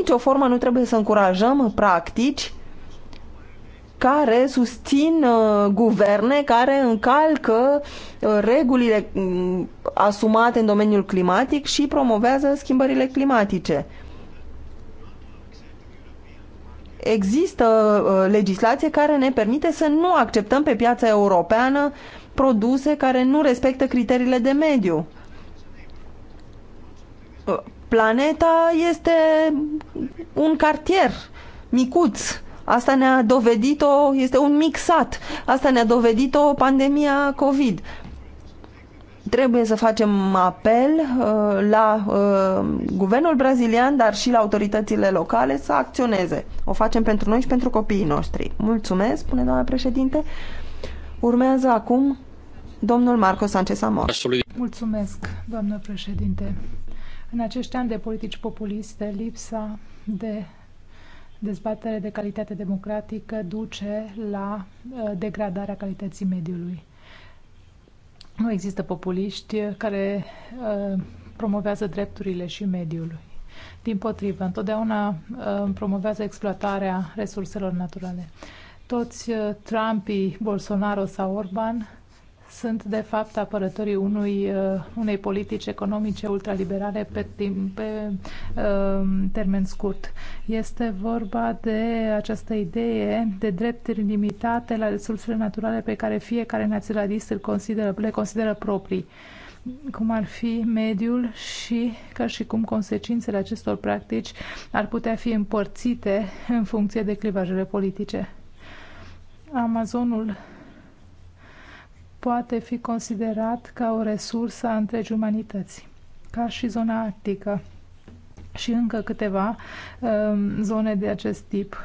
nicio formă nu trebuie să încurajăm practici care susțin uh, guverne care încalcă uh, regulile uh, asumate în domeniul climatic și promovează schimbările climatice. Există uh, legislație care ne permite să nu acceptăm pe piața europeană produse care nu respectă criteriile de mediu uh, Planeta este un cartier micuț. Asta ne-a dovedit-o, este un mic sat. Asta ne-a dovedit-o pandemia COVID. Trebuie să facem apel uh, la uh, guvernul brazilian, dar și la autoritățile locale să acționeze. O facem pentru noi și pentru copiii noștri. Mulțumesc, spune doamna președinte. Urmează acum domnul Marco Sanchez Amor. Mulțumesc, doamnă președinte. În acești ani de politici populiste, lipsa de dezbatere de calitate democratică duce la uh, degradarea calității mediului. Nu există populiști care uh, promovează drepturile și mediul. Din potrivă, întotdeauna uh, promovează exploatarea resurselor naturale. Toți Trumpii, Bolsonaro sau Orban sunt de fapt apărătorii unui, uh, unei politici economice ultraliberale pe, timp, pe uh, termen scurt. Este vorba de această idee de drepturi limitate la resursele naturale pe care fiecare naționalist îl consideră, le consideră proprii cum ar fi mediul și ca și cum consecințele acestor practici ar putea fi împărțite în funcție de clivajele politice. Amazonul poate fi considerat ca o resursă a întregii umanități, ca și zona arctică și încă câteva um, zone de acest tip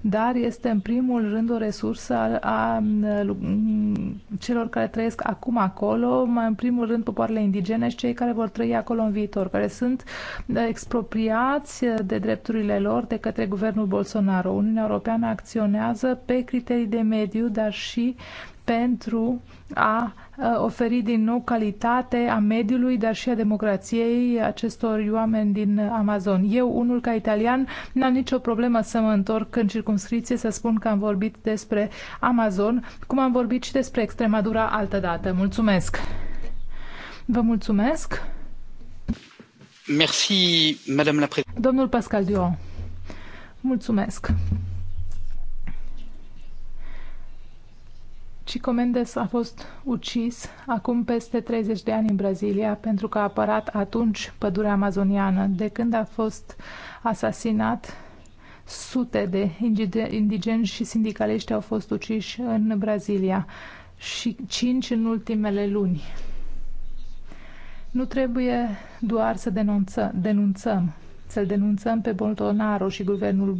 dar este în primul rând o resursă a, a mm, celor care trăiesc acum acolo, mai în primul rând popoarele indigene și cei care vor trăi acolo în viitor, care sunt uh, expropriați de drepturile lor de către guvernul Bolsonaro. Uniunea Europeană acționează pe criterii de mediu, dar și pentru a oferi din nou calitate a mediului, dar și a democrației acestor oameni din Amazon. Eu, unul ca italian, n-am nicio problemă să mă întorc în circunscripție să spun că am vorbit despre Amazon, cum am vorbit și despre Extremadura altădată. Mulțumesc! Vă mulțumesc! Merci, Madame la Domnul Pascal Duon. Mulțumesc! Chico Mendes a fost ucis acum peste 30 de ani în Brazilia pentru că a apărat atunci pădurea amazoniană. De când a fost asasinat, sute de indigeni și sindicaliști au fost uciși în Brazilia și cinci în ultimele luni. Nu trebuie doar să denunță, denunțăm, să-l denunțăm pe Bolsonaro și guvernul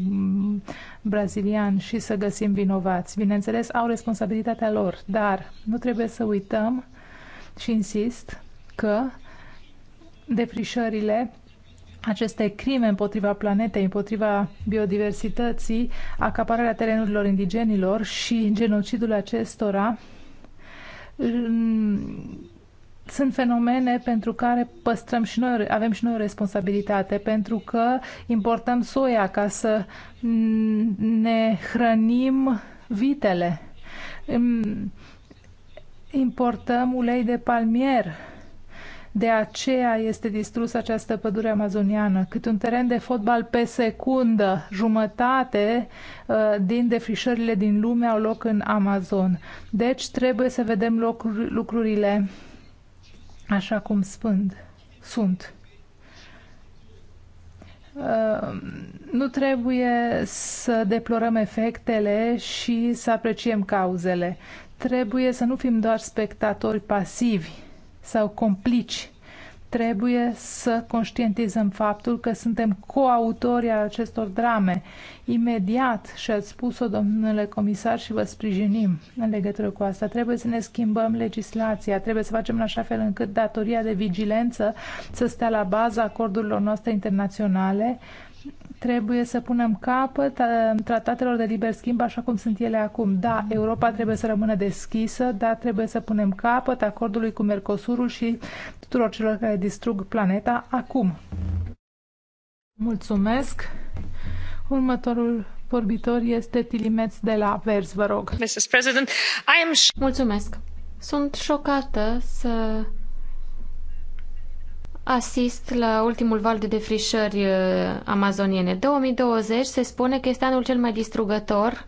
brazilian și să găsim vinovați. Bineînțeles, au responsabilitatea lor, dar nu trebuie să uităm și insist că defrișările aceste crime împotriva planetei, împotriva biodiversității, acapararea terenurilor indigenilor și genocidul acestora sunt fenomene pentru care păstrăm și noi, avem și noi o responsabilitate, pentru că importăm soia ca să ne hrănim vitele. Importăm ulei de palmier. De aceea este distrusă această pădure amazoniană. Cât un teren de fotbal pe secundă, jumătate uh, din defrișările din lume au loc în Amazon. Deci trebuie să vedem lucrurile așa cum spând, sunt. Uh, nu trebuie să deplorăm efectele și să apreciem cauzele. Trebuie să nu fim doar spectatori pasivi sau complici trebuie să conștientizăm faptul că suntem coautorii al acestor drame. Imediat, și ați spus-o, domnule comisar, și vă sprijinim în legătură cu asta. Trebuie să ne schimbăm legislația, trebuie să facem în așa fel încât datoria de vigilență să stea la baza acordurilor noastre internaționale, Trebuie să punem capăt uh, tratatelor de liber schimb așa cum sunt ele acum. Da, Europa trebuie să rămână deschisă, dar trebuie să punem capăt acordului cu Mercosurul și tuturor celor care distrug planeta acum. Mulțumesc. Următorul vorbitor este Tilimeț de la Vers, vă rog. Mrs. President, I am... Mulțumesc. Sunt șocată să asist la ultimul val de defrișări uh, amazoniene. 2020 se spune că este anul cel mai distrugător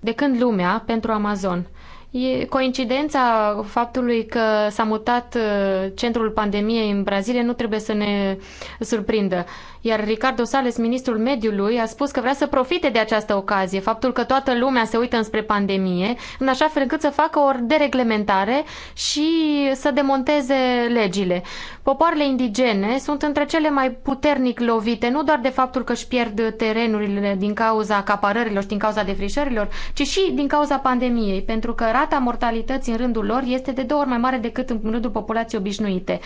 de când lumea pentru Amazon. E coincidența faptului că s-a mutat uh, centrul pandemiei în Brazilia nu trebuie să ne surprindă. Iar Ricardo Sales, ministrul mediului, a spus că vrea să profite de această ocazie, faptul că toată lumea se uită înspre pandemie, în așa fel încât să facă o dereglementare și să demonteze legile. Popoarele indigene sunt între cele mai puternic lovite, nu doar de faptul că își pierd terenurile din cauza acaparărilor și din cauza defrișărilor, ci și din cauza pandemiei, pentru că rata mortalității în rândul lor este de două ori mai mare decât în rândul populației obișnuite.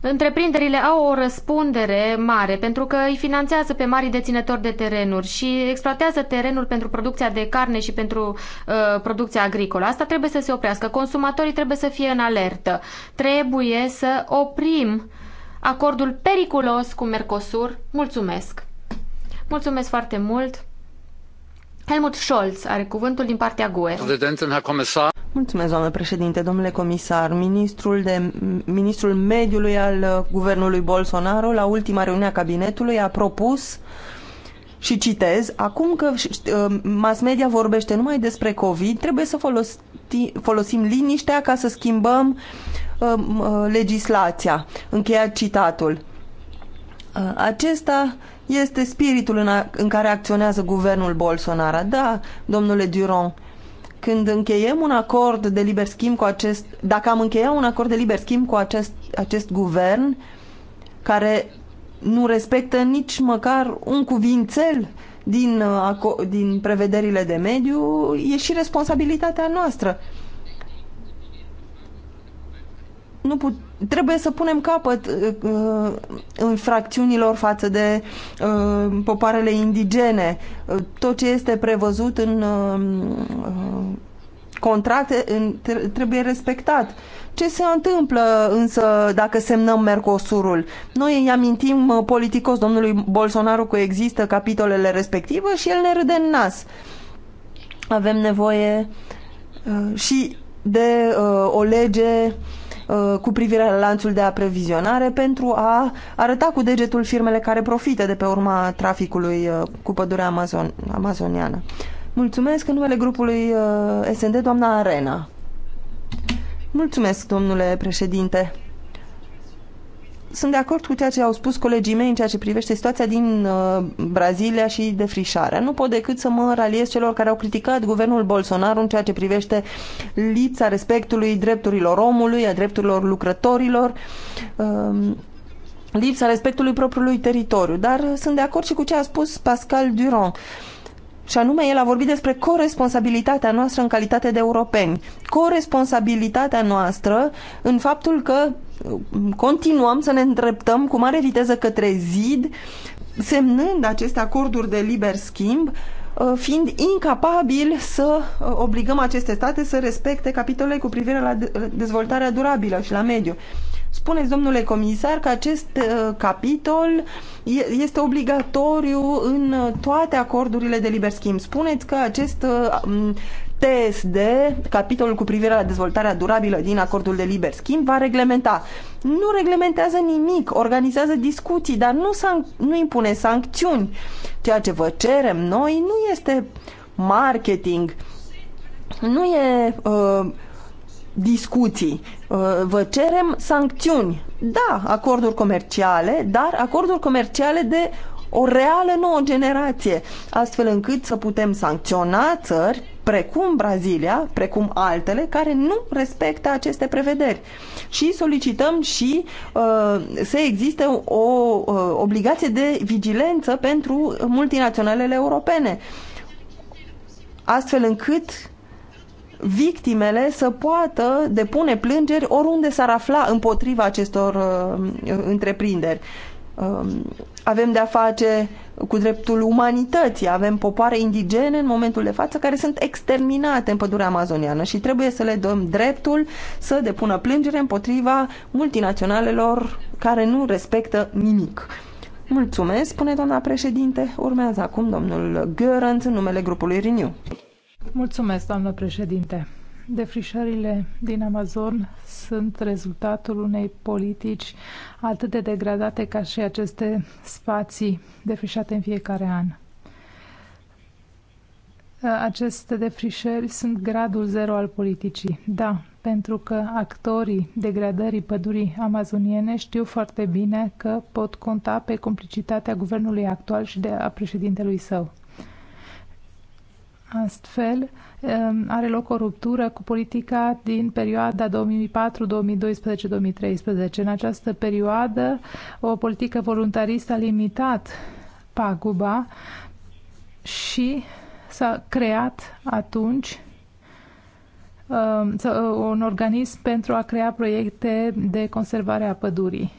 Întreprinderile au o răspundere mare pentru că îi finanțează pe mari deținători de terenuri și exploatează terenul pentru producția de carne și pentru uh, producția agricolă. Asta trebuie să se oprească. Consumatorii trebuie să fie în alertă. Trebuie să oprim acordul periculos cu Mercosur. Mulțumesc! Mulțumesc foarte mult! Helmut Scholz are cuvântul din partea GUE. Herr Comisar. Mulțumesc, doamnă președinte, domnule comisar. Ministrul, de, ministrul mediului al uh, guvernului Bolsonaro, la ultima reuniune a cabinetului, a propus și citez, acum că uh, mass media vorbește numai despre COVID, trebuie să folosi, folosim liniștea ca să schimbăm um, uh, legislația. Încheiat citatul. Uh, acesta este spiritul în, a, în care acționează guvernul Bolsonaro. Da, domnule Duron uh, când încheiem un acord de liber schimb cu acest, dacă am încheiat un acord de liber schimb cu acest, acest guvern, care nu respectă nici măcar un cuvințel din, uh, din prevederile de mediu, e și responsabilitatea noastră. Uh, nu put, trebuie să punem capăt uh, uh, infracțiunilor față de uh, popoarele indigene. Uh, tot ce este prevăzut în uh, uh contracte în, trebuie respectat. Ce se întâmplă însă dacă semnăm Mercosurul? Noi îi amintim uh, politicos domnului Bolsonaro că există capitolele respective și el ne râde în nas. Avem nevoie uh, și de uh, o lege uh, Uh, cu privire la lanțul de aprovizionare pentru a arăta cu degetul firmele care profită de pe urma traficului uh, cu pădurea Amazon amazoniană. Mulțumesc în numele grupului uh, SND, doamna Arena. Mulțumesc, domnule președinte sunt de acord cu ceea ce au spus colegii mei în ceea ce privește situația din uh, Brazilia și defrișarea. Nu pot decât să mă raliez celor care au criticat guvernul Bolsonaro în ceea ce privește lipsa respectului drepturilor omului, a drepturilor lucrătorilor. Uh, lipsa respectului propriului teritoriu, dar sunt de acord și cu ce a spus Pascal Durand. Uh, și anume el a vorbit despre corresponsabilitatea noastră în calitate de europeni. Corresponsabilitatea noastră în faptul că uh, continuăm să ne îndreptăm cu mare viteză către zid, semnând aceste acorduri de liber schimb, uh, fiind incapabil să uh, obligăm aceste state să respecte capitolele cu privire la dezvoltarea durabilă și la mediu. Spuneți, domnule comisar, că acest uh, capitol este obligatoriu în uh, toate acordurile de liber schimb. Spuneți că acest uh, TSD, capitolul cu privire la dezvoltarea durabilă din acordul de liber schimb, va reglementa. Nu reglementează nimic, organizează discuții, dar nu, nu impune sancțiuni. Ceea ce vă cerem noi nu este marketing, nu e uh, discuții. Uh, vă cerem sancțiuni. Da, acorduri comerciale, dar acorduri comerciale de o reală nouă generație, astfel încât să putem sancționa țări precum Brazilia, precum altele, care nu respectă aceste prevederi. Și solicităm și uh, să existe o uh, obligație de vigilență pentru multinaționalele europene, astfel încât victimele să poată depune plângeri oriunde s-ar afla împotriva acestor uh, întreprinderi. Uh, avem de-a face cu dreptul umanității, avem popoare indigene în momentul de față care sunt exterminate în pădurea amazoniană și trebuie să le dăm dreptul să depună plângere împotriva multinaționalelor care nu respectă nimic. Mulțumesc, spune doamna președinte. Urmează acum domnul Görans în numele grupului Renew. Mulțumesc, doamnă președinte. Defrișările din Amazon sunt rezultatul unei politici atât de degradate ca și aceste spații defrișate în fiecare an. Aceste defrișări sunt gradul zero al politicii. Da, pentru că actorii degradării pădurii amazoniene știu foarte bine că pot conta pe complicitatea guvernului actual și de a președintelui său. Astfel, um, are loc o ruptură cu politica din perioada 2004-2012-2013. În această perioadă, o politică voluntaristă a limitat paguba și s-a creat atunci um, un organism pentru a crea proiecte de conservare a pădurii.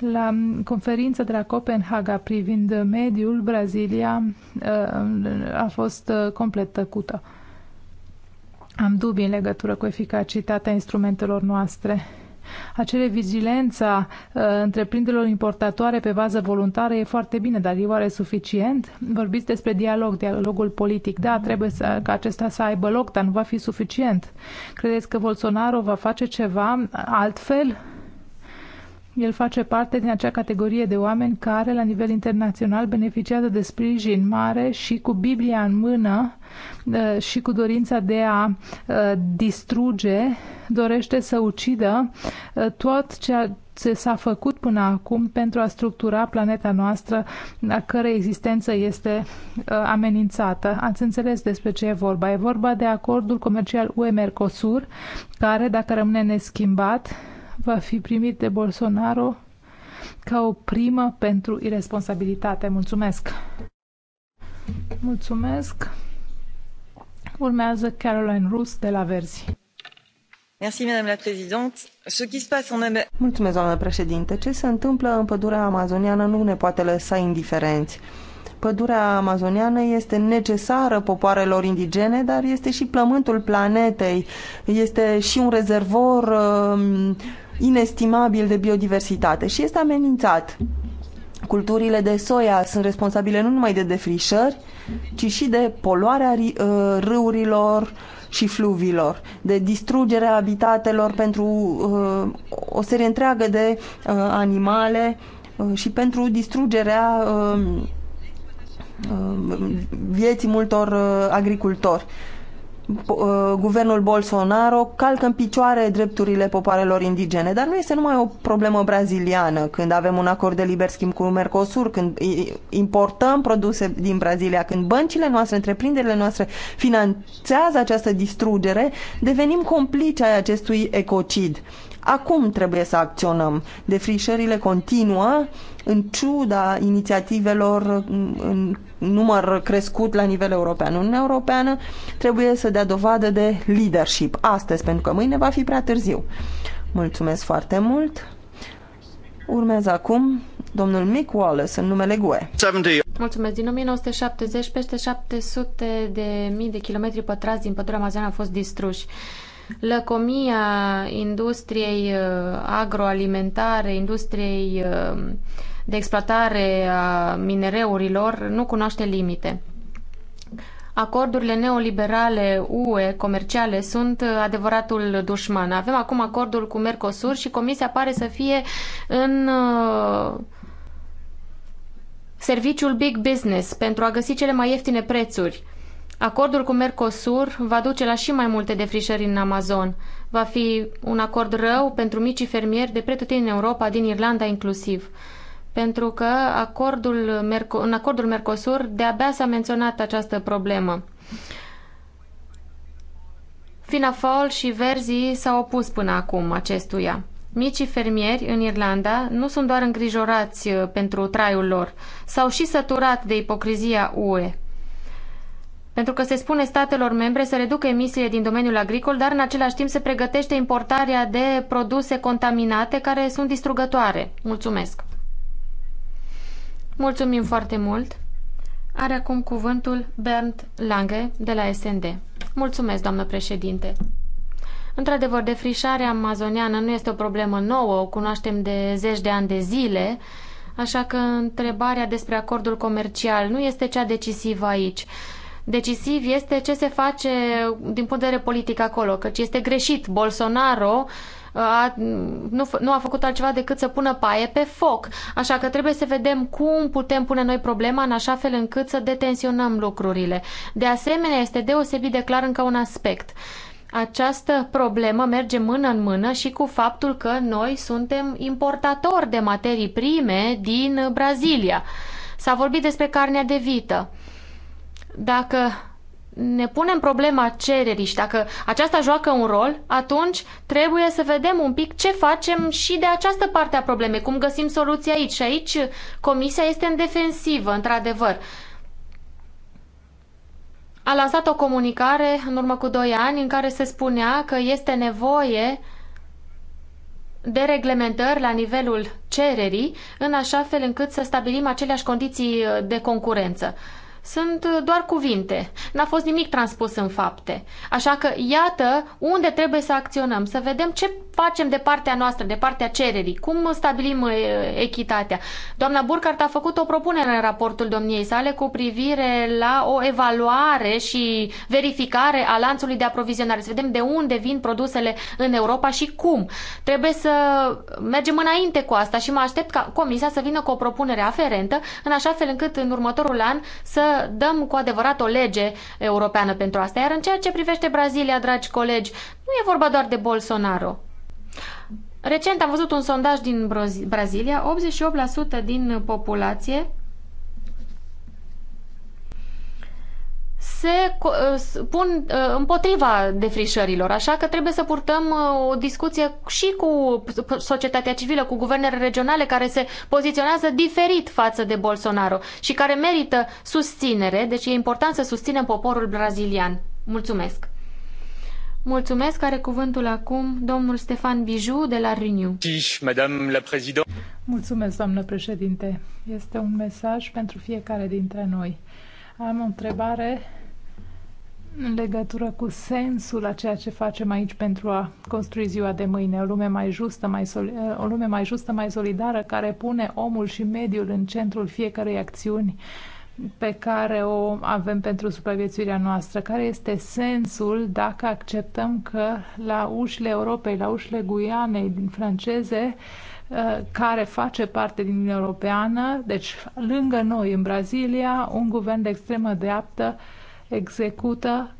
La conferința de la Copenhaga privind mediul, Brazilia uh, a fost uh, complet tăcută. Am dubii în legătură cu eficacitatea instrumentelor noastre. Acele vigilența uh, întreprinderilor importatoare pe bază voluntară e foarte bine, dar e oare suficient? Vorbiți despre dialog, dialogul politic. Da, trebuie să, ca acesta să aibă loc, dar nu va fi suficient. Credeți că Bolsonaro va face ceva altfel? El face parte din acea categorie de oameni care, la nivel internațional, beneficiază de sprijin mare și cu Biblia în mână uh, și cu dorința de a uh, distruge, dorește să ucidă uh, tot ceea ce s-a făcut până acum pentru a structura planeta noastră a cărei existență este amenințată. Ați înțeles despre ce e vorba. E vorba de acordul comercial UE-Mercosur, care, dacă rămâne neschimbat, va fi primit de Bolsonaro ca o primă pentru irresponsabilitate. Mulțumesc! Mulțumesc! Urmează Caroline Rus de la Verzi. Mulțumesc, doamnă președinte. Ce se întâmplă în pădurea amazoniană nu ne poate lăsa indiferenți. Pădurea amazoniană este necesară popoarelor indigene, dar este și plământul planetei. Este și un rezervor um, inestimabil de biodiversitate și este amenințat. Culturile de soia sunt responsabile nu numai de defrișări, ci și de poluarea uh, râurilor și fluvilor, de distrugerea habitatelor pentru uh, o serie întreagă de uh, animale și pentru distrugerea vieții multor agricultori. Uh, guvernul Bolsonaro calcă în picioare drepturile popoarelor indigene, dar nu este numai o problemă braziliană. Când avem un acord de liber schimb cu Mercosur, când importăm produse din Brazilia, când băncile noastre, întreprinderile noastre finanțează această distrugere, devenim complici ai acestui ecocid. Acum trebuie să acționăm. Defrișările continuă în ciuda inițiativelor în număr crescut la nivel european. Uniunea Europeană trebuie să dea dovadă de leadership astăzi, pentru că mâine va fi prea târziu. Mulțumesc foarte mult! Urmează acum domnul Mick Wallace în numele GUE. 70. Mulțumesc. Din 1970, peste 700 de mii de kilometri pătrați din pădurea Amazon au fost distruși lăcomia industriei uh, agroalimentare, industriei uh, de exploatare a minereurilor nu cunoaște limite. Acordurile neoliberale UE comerciale sunt adevăratul dușman. Avem acum acordul cu Mercosur și Comisia pare să fie în uh, serviciul big business pentru a găsi cele mai ieftine prețuri. Acordul cu Mercosur va duce la și mai multe defrișări în Amazon. Va fi un acord rău pentru micii fermieri de pretutindeni în Europa, din Irlanda inclusiv. Pentru că acordul în acordul Mercosur de-abia s-a menționat această problemă. Finafol și Verzii s-au opus până acum acestuia. Micii fermieri în Irlanda nu sunt doar îngrijorați uh, pentru traiul lor, s-au și săturat de ipocrizia UE pentru că se spune statelor membre să reducă emisiile din domeniul agricol, dar în același timp se pregătește importarea de produse contaminate care sunt distrugătoare. Mulțumesc! Mulțumim foarte mult! Are acum cuvântul Bernd Lange de la SND. Mulțumesc, doamnă președinte! Într-adevăr, defrișarea amazoniană nu este o problemă nouă, o cunoaștem de zeci de ani de zile, așa că întrebarea despre acordul comercial nu este cea decisivă aici decisiv este ce se face din punct de vedere politic acolo, căci este greșit. Bolsonaro uh, a, nu, nu a făcut altceva decât să pună paie pe foc. Așa că trebuie să vedem cum putem pune noi problema în așa fel încât să detensionăm lucrurile. De asemenea, este deosebit de clar încă un aspect. Această problemă merge mână în mână și cu faptul că noi suntem importatori de materii prime din Brazilia. S-a vorbit despre carnea de vită. Dacă ne punem problema cererii și dacă aceasta joacă un rol, atunci trebuie să vedem un pic ce facem și de această parte a problemei, cum găsim soluția aici. Și aici comisia este în defensivă, într-adevăr. A lansat o comunicare în urmă cu doi ani în care se spunea că este nevoie de reglementări la nivelul cererii, în așa fel încât să stabilim aceleași condiții de concurență sunt uh, doar cuvinte. N-a fost nimic transpus în fapte. Așa că iată unde trebuie să acționăm, să vedem ce facem de partea noastră, de partea cererii, cum stabilim uh, echitatea. Doamna Burcart a făcut o propunere în raportul domniei sale cu privire la o evaluare și verificare a lanțului de aprovizionare, să vedem de unde vin produsele în Europa și cum. Trebuie să mergem înainte cu asta și mă aștept ca Comisia să vină cu o propunere aferentă, în așa fel încât în următorul an să dăm cu adevărat o lege europeană pentru asta. Iar în ceea ce privește Brazilia, dragi colegi, nu e vorba doar de Bolsonaro. Recent am văzut un sondaj din Brazilia, 88% din populație se pun uh, împotriva defrișărilor, așa că trebuie să purtăm uh, o discuție și cu societatea civilă, cu guvernele regionale care se poziționează diferit față de Bolsonaro și care merită susținere, deci e important să susținem poporul brazilian. Mulțumesc! Mulțumesc, are cuvântul acum domnul Stefan Biju de la Renew. Mulțumesc, doamnă președinte. Este un mesaj pentru fiecare dintre noi. Am o întrebare în legătură cu sensul a ceea ce facem aici pentru a construi ziua de mâine, o lume mai justă, mai, soli, o lume mai, justă, mai solidară, care pune omul și mediul în centrul fiecarei acțiuni pe care o avem pentru supraviețuirea noastră. Care este sensul dacă acceptăm că la ușile Europei, la ușile Guianei din franceze, uh, care face parte din Uniunea Europeană, deci lângă noi în Brazilia, un guvern de extremă dreaptă execută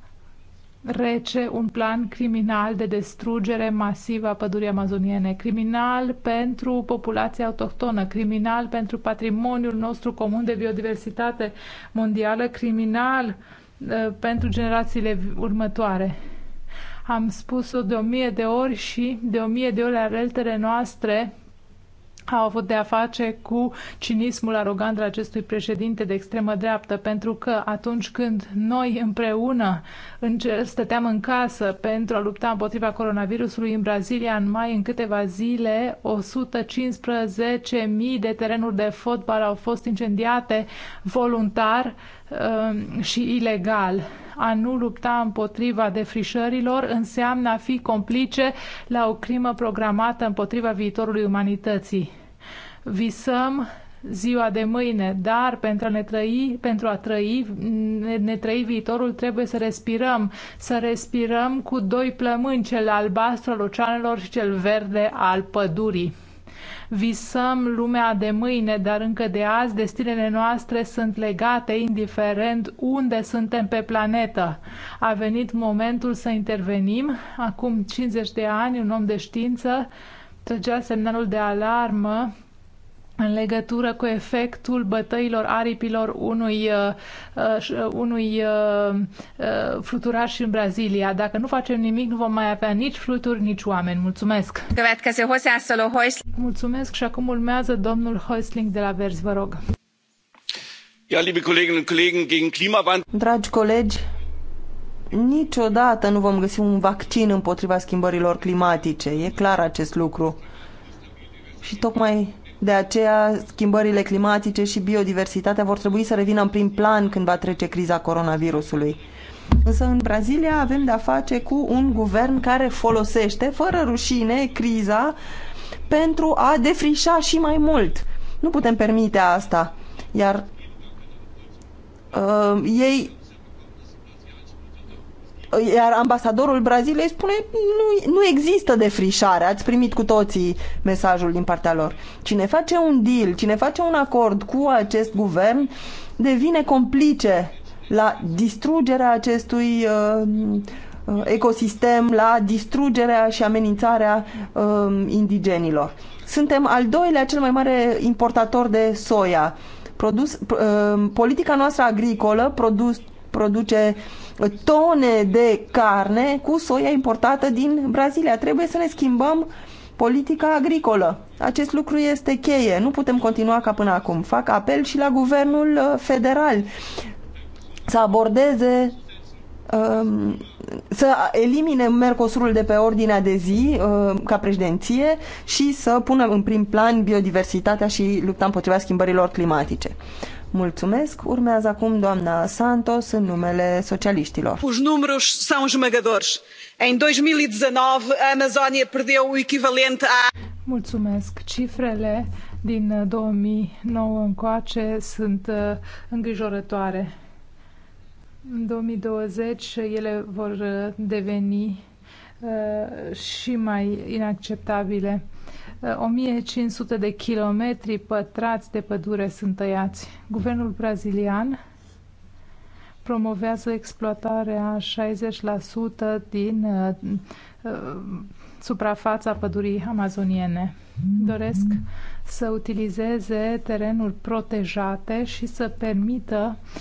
rece un plan criminal de destrugere masivă a pădurii amazoniene, criminal pentru populația autohtonă, criminal pentru patrimoniul nostru comun de biodiversitate mondială, criminal uh, pentru generațiile următoare. Am spus-o de o mie de ori și de o mie de ori alertele noastre au avut de a face cu cinismul arogant al acestui președinte de extremă dreaptă, pentru că atunci când noi împreună stăteam în casă pentru a lupta împotriva coronavirusului în Brazilia, în mai, în câteva zile, 115.000 de terenuri de fotbal au fost incendiate voluntar um, și ilegal. A nu lupta împotriva defrișărilor înseamnă a fi complice la o crimă programată împotriva viitorului umanității Visăm ziua de mâine, dar pentru a ne trăi, pentru a trăi, ne, ne trăi viitorul trebuie să respirăm, să respirăm cu doi plămâni, cel albastru al oceanelor și cel verde al pădurii. Visăm lumea de mâine, dar încă de azi destinele noastre sunt legate, indiferent unde suntem pe planetă. A venit momentul să intervenim. Acum 50 de ani, un om de știință trăgea semnalul de alarmă în legătură cu efectul bătăilor aripilor unui, uh, uh, uh, unui uh, uh, fluturaș în Brazilia. Dacă nu facem nimic, nu vom mai avea nici fluturi, nici oameni. Mulțumesc! Mulțumesc și acum urmează domnul Hoisling de la Verzi, vă rog. Dragi colegi, niciodată nu vom găsi un vaccin împotriva schimbărilor climatice. E clar acest lucru. Și tocmai de aceea, schimbările climatice și biodiversitatea vor trebui să revină în prim plan când va trece criza coronavirusului. Însă în Brazilia avem de-a face cu un guvern care folosește, fără rușine, criza pentru a defrișa și mai mult. Nu putem permite asta. Iar uh, ei iar ambasadorul Braziliei spune nu, nu există defrișare, ați primit cu toții mesajul din partea lor. Cine face un deal, cine face un acord cu acest guvern, devine complice la distrugerea acestui uh, uh ecosistem, la distrugerea și amenințarea uh, indigenilor. Suntem al doilea cel mai mare importator de soia. Produs, uh, politica noastră agricolă produs, produce uh, tone de carne cu soia importată din Brazilia. Trebuie să ne schimbăm politica agricolă. Acest lucru este cheie. Nu putem continua ca până acum. Fac apel și la guvernul uh, federal să abordeze um, să elimine Mercosurul de pe ordinea de zi uh, ca președinție și să pună în prim plan biodiversitatea și lupta împotriva schimbărilor climatice. Mulțumesc. Urmează acum doamna Santos în numele socialiștilor. Os números são esmagadores. Em 2019, a Amazônia perdeu o equivalente a... Mulțumesc. Cifrele din 2009 uh, încoace sunt uh, îngrijorătoare. În 2020 ele vor uh, deveni și mai inacceptabile. 1500 eh, de kilometri pătrați de pădure sunt tăiați. Guvernul brazilian promovează exploatarea 60% din uh, suprafața pădurii amazoniene. Doresc să utilizeze terenuri protejate și să permită uh,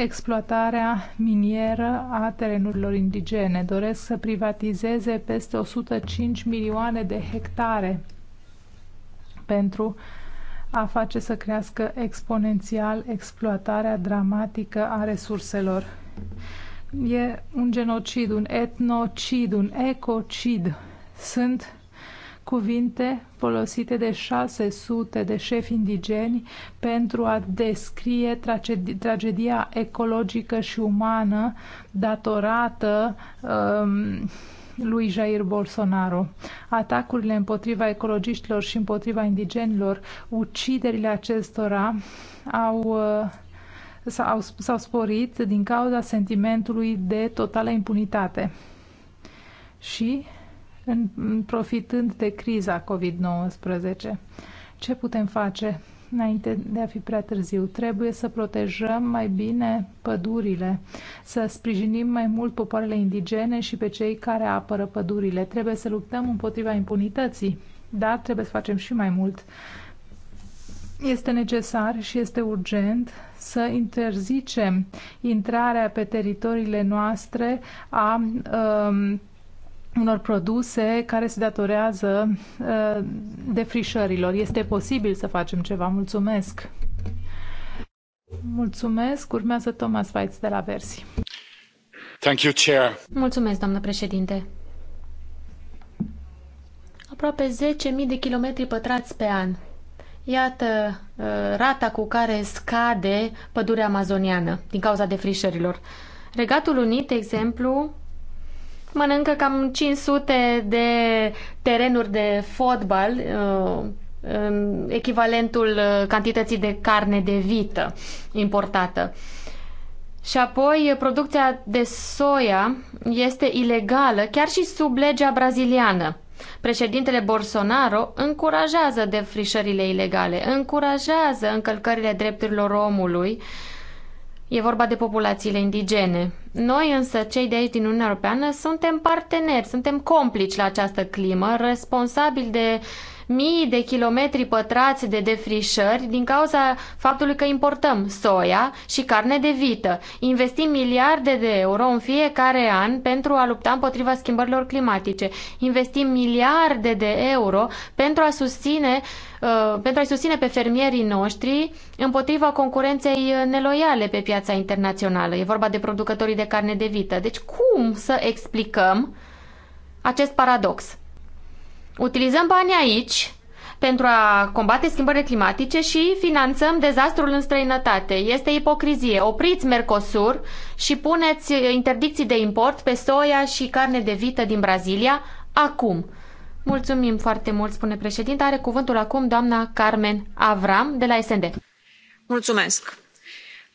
exploatarea minieră a terenurilor indigene. Doresc să privatizeze peste 105 milioane de hectare pentru a face să crească exponențial exploatarea dramatică a resurselor. E un genocid, un etnocid, un ecocid. Sunt cuvinte folosite de 600 de șefi indigeni pentru a descrie tragedia ecologică și umană datorată um, lui Jair Bolsonaro. Atacurile împotriva ecologiștilor și împotriva indigenilor, uciderile acestora au uh, s-au sporit din cauza sentimentului de totală impunitate. Și în, profitând de criza COVID-19. Ce putem face înainte de a fi prea târziu? Trebuie să protejăm mai bine pădurile, să sprijinim mai mult popoarele indigene și pe cei care apără pădurile. Trebuie să luptăm împotriva impunității, dar trebuie să facem și mai mult. Este necesar și este urgent să interzicem intrarea pe teritoriile noastre a um, unor produse care se datorează uh, defrișărilor. Este posibil să facem ceva. Mulțumesc! Mulțumesc! Urmează Thomas Weitz de la Versi. Thank you, Chair. Mulțumesc, doamnă președinte. Aproape 10.000 de kilometri pătrați pe an. Iată uh, rata cu care scade pădurea amazoniană din cauza defrișărilor. Regatul Unit, de exemplu, mănâncă cam 500 de terenuri de fotbal, uh, echivalentul uh, cantității de carne de vită importată. Și apoi producția de soia este ilegală chiar și sub legea braziliană. Președintele Bolsonaro încurajează defrișările ilegale, încurajează încălcările drepturilor omului uh, E vorba de populațiile indigene. Noi însă, cei de aici din Uniunea Europeană, suntem parteneri, suntem complici la această climă, responsabili de mii de kilometri pătrați de defrișări din cauza faptului că importăm soia și carne de vită. Investim miliarde de euro în fiecare an pentru a lupta împotriva schimbărilor climatice. Investim miliarde de euro pentru a susține uh, pentru a-i susține pe fermierii noștri împotriva concurenței neloiale pe piața internațională. E vorba de producătorii de carne de vită. Deci cum să explicăm acest paradox? utilizăm banii aici pentru a combate schimbările climatice și finanțăm dezastrul în străinătate. Este ipocrizie. Opriți Mercosur și puneți interdicții de import pe soia și carne de vită din Brazilia acum. Mulțumim foarte mult, spune președinte. Are cuvântul acum doamna Carmen Avram de la SND. Mulțumesc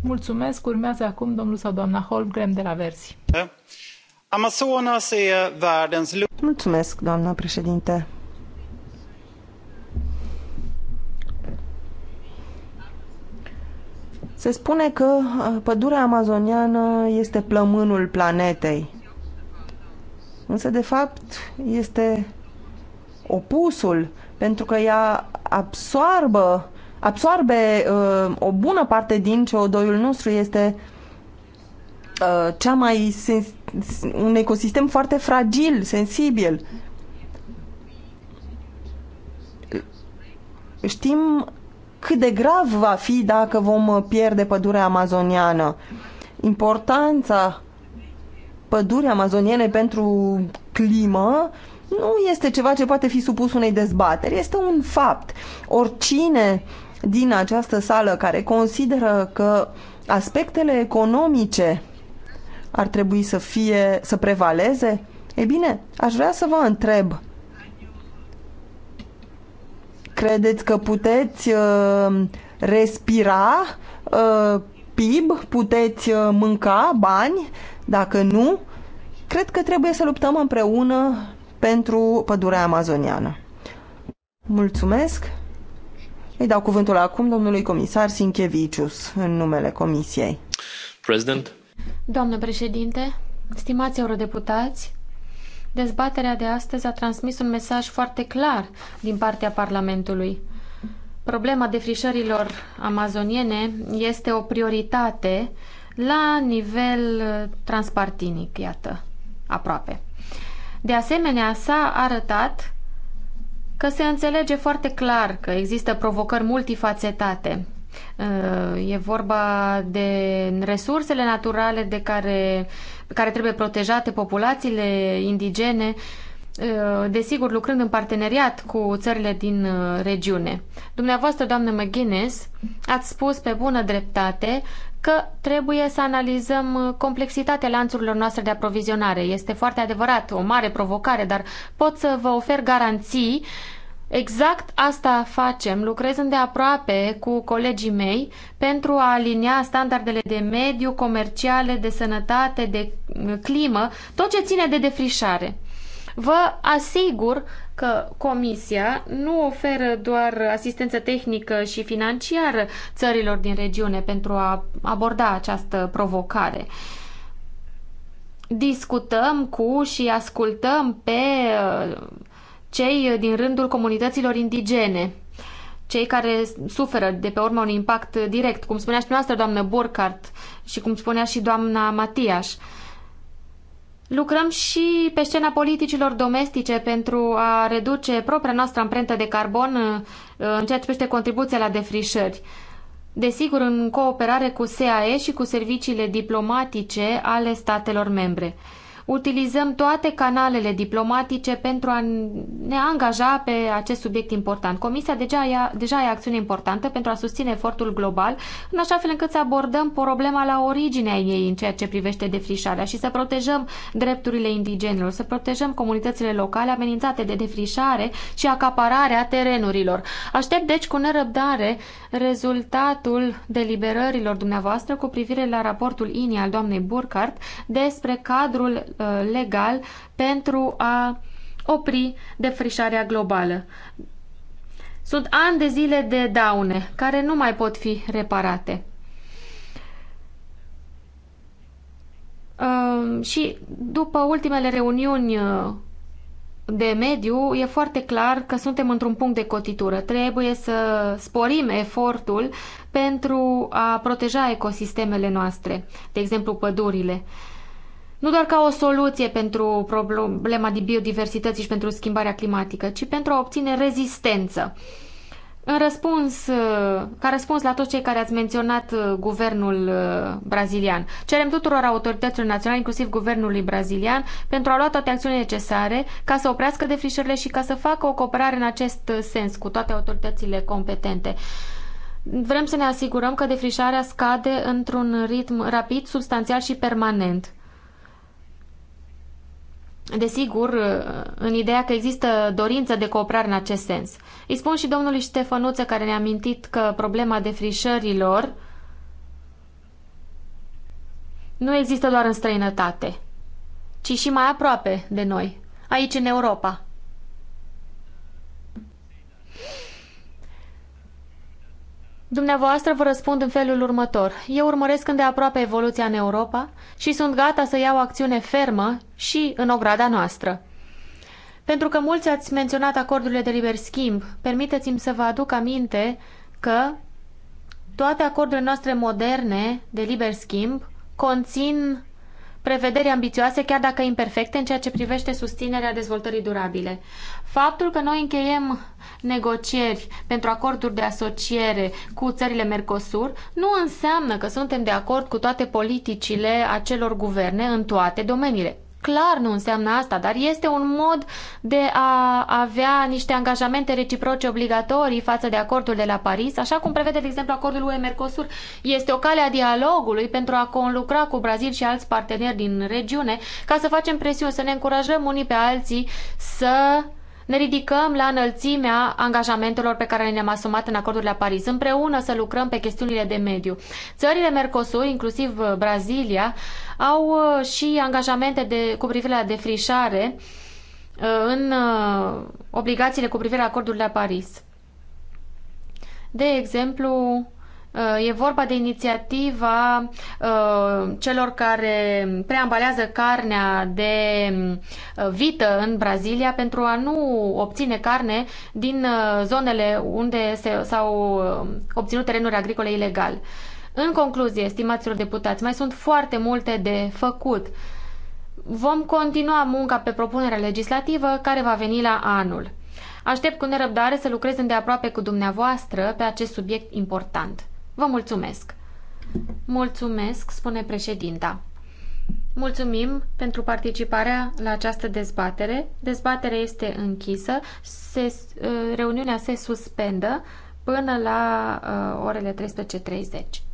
Mulțumesc. Urmează acum domnul sau doamna Holmgren de la Verzi. Amazonas e världens... Mulțumesc, doamna președinte. Se spune că uh, pădurea amazoniană este plămânul planetei. Însă, de fapt, este opusul pentru că ea absoarbă, absoarbe uh, o bună parte din CO2-ul nostru, este uh, cea mai un ecosistem foarte fragil, sensibil. Știm cât de grav va fi dacă vom pierde pădurea amazoniană. Importanța pădurii amazoniene pentru climă uh, nu este ceva ce poate fi supus unei dezbateri, este un fapt. Oricine din această sală care consideră că aspectele economice ar trebui să fie, să prevaleze, e bine, aș vrea să vă întreb. Credeți că puteți uh, respira uh, PIB, puteți uh, mânca bani? Dacă nu, cred că trebuie să luptăm împreună pentru pădurea amazoniană. Mulțumesc! Îi dau cuvântul acum domnului comisar Sinchevicius în numele Comisiei. President. Doamnă președinte, stimați eurodeputați, dezbaterea de astăzi a transmis un mesaj foarte clar din partea Parlamentului. Problema defrișărilor amazoniene este o prioritate la nivel transpartinic, iată, aproape. De asemenea, s-a arătat că se înțelege foarte clar că există provocări multifacetate. Uh, e vorba de resursele naturale de care, care trebuie protejate populațiile indigene, uh, desigur lucrând în parteneriat cu țările din uh, regiune. Dumneavoastră, doamnă McGuinness, ați spus pe bună dreptate că trebuie să analizăm uh, complexitatea lanțurilor noastre de aprovizionare. Este foarte adevărat, o mare provocare, dar pot să vă ofer garanții. Exact asta facem, lucrez îndeaproape cu colegii mei pentru a alinia standardele de mediu, comerciale, de sănătate, de uh, climă, tot ce ține de defrișare. Vă asigur că Comisia nu oferă doar asistență tehnică și financiară țărilor din regiune pentru a aborda această provocare. Discutăm cu și ascultăm pe uh, cei din rândul comunităților indigene, cei care suferă de pe urma un impact direct, cum spunea și noastră doamnă Burkhardt și cum spunea și doamna Matiaș. Lucrăm și pe scena politicilor domestice pentru a reduce propria noastră amprentă de carbon uh, în ceea ce privește contribuția la defrișări. Desigur, în cooperare cu SAE și cu serviciile diplomatice ale statelor membre utilizăm toate canalele diplomatice pentru a ne angaja pe acest subiect important. Comisia deja ia, deja ia acțiune importantă pentru a susține efortul global, în așa fel încât să abordăm problema la originea ei în ceea ce privește defrișarea și să protejăm drepturile indigenilor, să protejăm comunitățile locale amenințate de defrișare și acapararea terenurilor. Aștept deci cu nerăbdare rezultatul deliberărilor dumneavoastră cu privire la raportul INI al doamnei Burkhardt despre cadrul Uh, legal pentru a opri defrișarea globală. Sunt ani de zile de daune care nu mai pot fi reparate. Uh, și după ultimele reuniuni uh, de mediu, e foarte clar că suntem într-un punct de cotitură. Trebuie să sporim efortul pentru a proteja ecosistemele noastre, de exemplu pădurile. Uh, nu doar ca o soluție pentru problema de biodiversității și pentru schimbarea climatică, ci pentru a obține rezistență. În răspuns, uh, ca răspuns la toți cei care ați menționat uh, guvernul uh, brazilian, cerem tuturor autorităților naționale, inclusiv guvernului brazilian, pentru a lua toate acțiunile necesare ca să oprească defrișările și ca să facă o cooperare în acest sens cu toate autoritățile competente. Vrem să ne asigurăm că defrișarea scade într-un ritm rapid, substanțial și permanent desigur, uh, în ideea că există dorință de cooperare în acest sens. Îi spun și domnului Ștefănuță, care ne-a mintit că problema defrișărilor nu există doar în străinătate, ci și mai aproape de noi, aici în Europa. Dumneavoastră vă răspund în felul următor. Eu urmăresc îndeaproape evoluția în Europa și sunt gata să iau acțiune fermă și în ograda noastră. Pentru că mulți ați menționat acordurile de liber schimb, permiteți-mi să vă aduc aminte că toate acordurile noastre moderne de liber schimb conțin prevederi ambițioase, chiar dacă imperfecte, în ceea ce privește susținerea dezvoltării durabile. Faptul că noi încheiem negocieri pentru acorduri de asociere cu țările Mercosur nu înseamnă că suntem de acord cu toate politicile acelor guverne în toate domeniile clar nu înseamnă asta, dar este un mod de a avea niște angajamente reciproce obligatorii față de acordul de la Paris, așa cum prevede, de exemplu, acordul UE-Mercosur. Este o cale a dialogului pentru a conlucra cu Brazil și alți parteneri din regiune ca să facem presiuni, să ne încurajăm unii pe alții să uh, ne ridicăm la înălțimea angajamentelor pe care le-am asumat în acordul la Paris, împreună să lucrăm pe chestiunile de mediu. Țările Mercosur, inclusiv uh, Brazilia, au uh, și angajamente de, cu privire la defrișare uh, în obligațiile cu privire la acordul la Paris. De exemplu, E vorba de inițiativa uh, celor care preambalează carnea de uh, vită în Brazilia pentru a nu obține carne din uh, zonele unde s-au obținut terenuri agricole ilegal. În concluzie, stimaților deputați, mai sunt foarte multe de făcut. Vom continua munca pe propunerea legislativă care va veni la anul. Aștept cu nerăbdare să lucrez îndeaproape cu dumneavoastră pe acest subiect important. Vă mulțumesc! Mulțumesc, spune președinta. Mulțumim pentru participarea la această dezbatere. Dezbaterea este închisă. Se, uh, reuniunea se suspendă până la uh, orele 13.30.